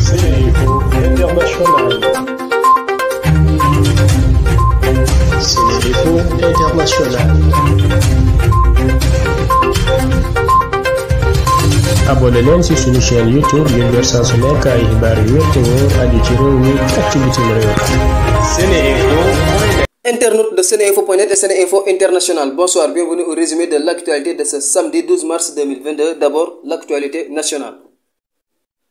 Zéro International. Zéro International. abonné leen ci suñu chaîne YouTube ngir jot saa su nekk ay xibaar yu wér te ci réew mi ak ci bitim de Sénéinfo.net et Sénéinfo International, bonsoir, bienvenue au résumé de l'actualité de ce samedi mars D'abord, l'actualité nationale.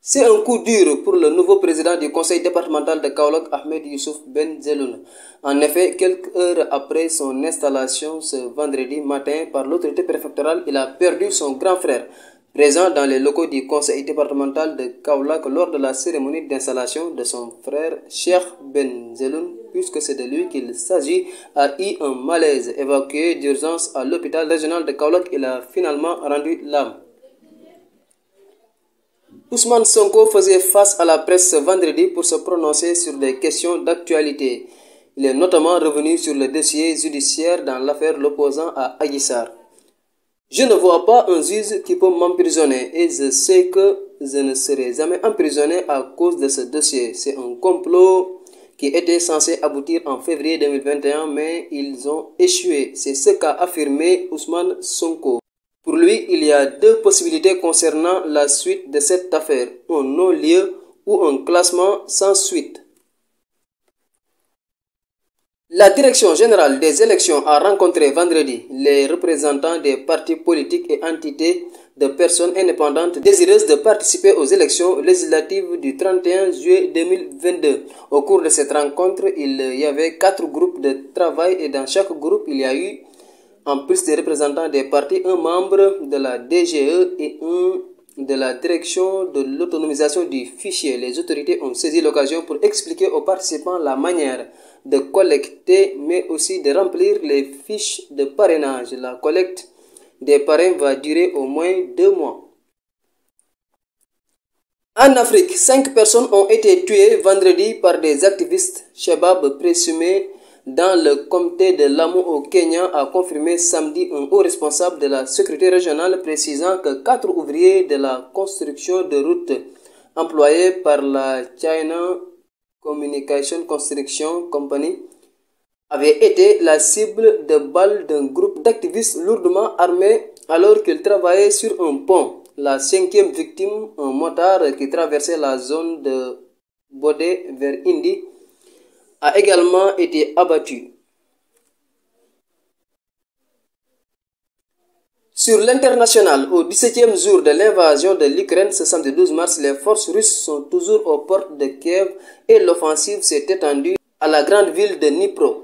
C'est un coup dur pour le nouveau président du conseil départemental de Kaolack, Ahmed Youssouf Ben Zeloun. En effet, quelques heures après son installation ce vendredi matin par l'autorité préfectorale, il a perdu son grand frère. Présent dans les locaux du conseil départemental de Kaolack lors de la cérémonie d'installation de son frère Cheikh Ben Zeloun, puisque c'est de lui qu'il s'agit, a eu un malaise. Évacué d'urgence à l'hôpital régional de Kaolack, il a finalement rendu l'âme. Ousmane Sonko faisait face à la presse ce vendredi pour se prononcer sur des questions d'actualité. Il est notamment revenu sur le dossier judiciaire dans l'affaire l'opposant à Aguissar. Je ne vois pas un juge qui peut m'emprisonner et je sais que je ne serai jamais emprisonné à cause de ce dossier. C'est un complot qui était censé aboutir en février 2021 mais ils ont échoué. C'est ce qu'a affirmé Ousmane Sonko. Pour lui, il y a deux possibilités concernant la suite de cette affaire, un non-lieu ou un classement sans suite. La Direction générale des élections a rencontré vendredi les représentants des partis politiques et entités de personnes indépendantes désireuses de participer aux élections législatives du 31 juillet 2022. Au cours de cette rencontre, il y avait quatre groupes de travail et dans chaque groupe, il y a eu en plus des représentants des partis, un membre de la DGE et un de la direction de l'autonomisation du fichier. Les autorités ont saisi l'occasion pour expliquer aux participants la manière de collecter, mais aussi de remplir les fiches de parrainage. La collecte des parrains va durer au moins deux mois. En Afrique, cinq personnes ont été tuées vendredi par des activistes Shabab présumés dans le comté de Lamu au Kenya a confirmé samedi un haut responsable de la sécurité régionale précisant que quatre ouvriers de la construction de routes employés par la China Communication Construction Company avaient été la cible de balles d'un groupe d'activistes lourdement armés alors qu'ils travaillaient sur un pont. La cinquième victime, un motard qui traversait la zone de Bodé vers Indy, a également été abattu. Sur l'international, au 17e jour de l'invasion de l'Ukraine ce samedi 12 mars, les forces russes sont toujours aux portes de Kiev et l'offensive s'est étendue à la grande ville de Dnipro.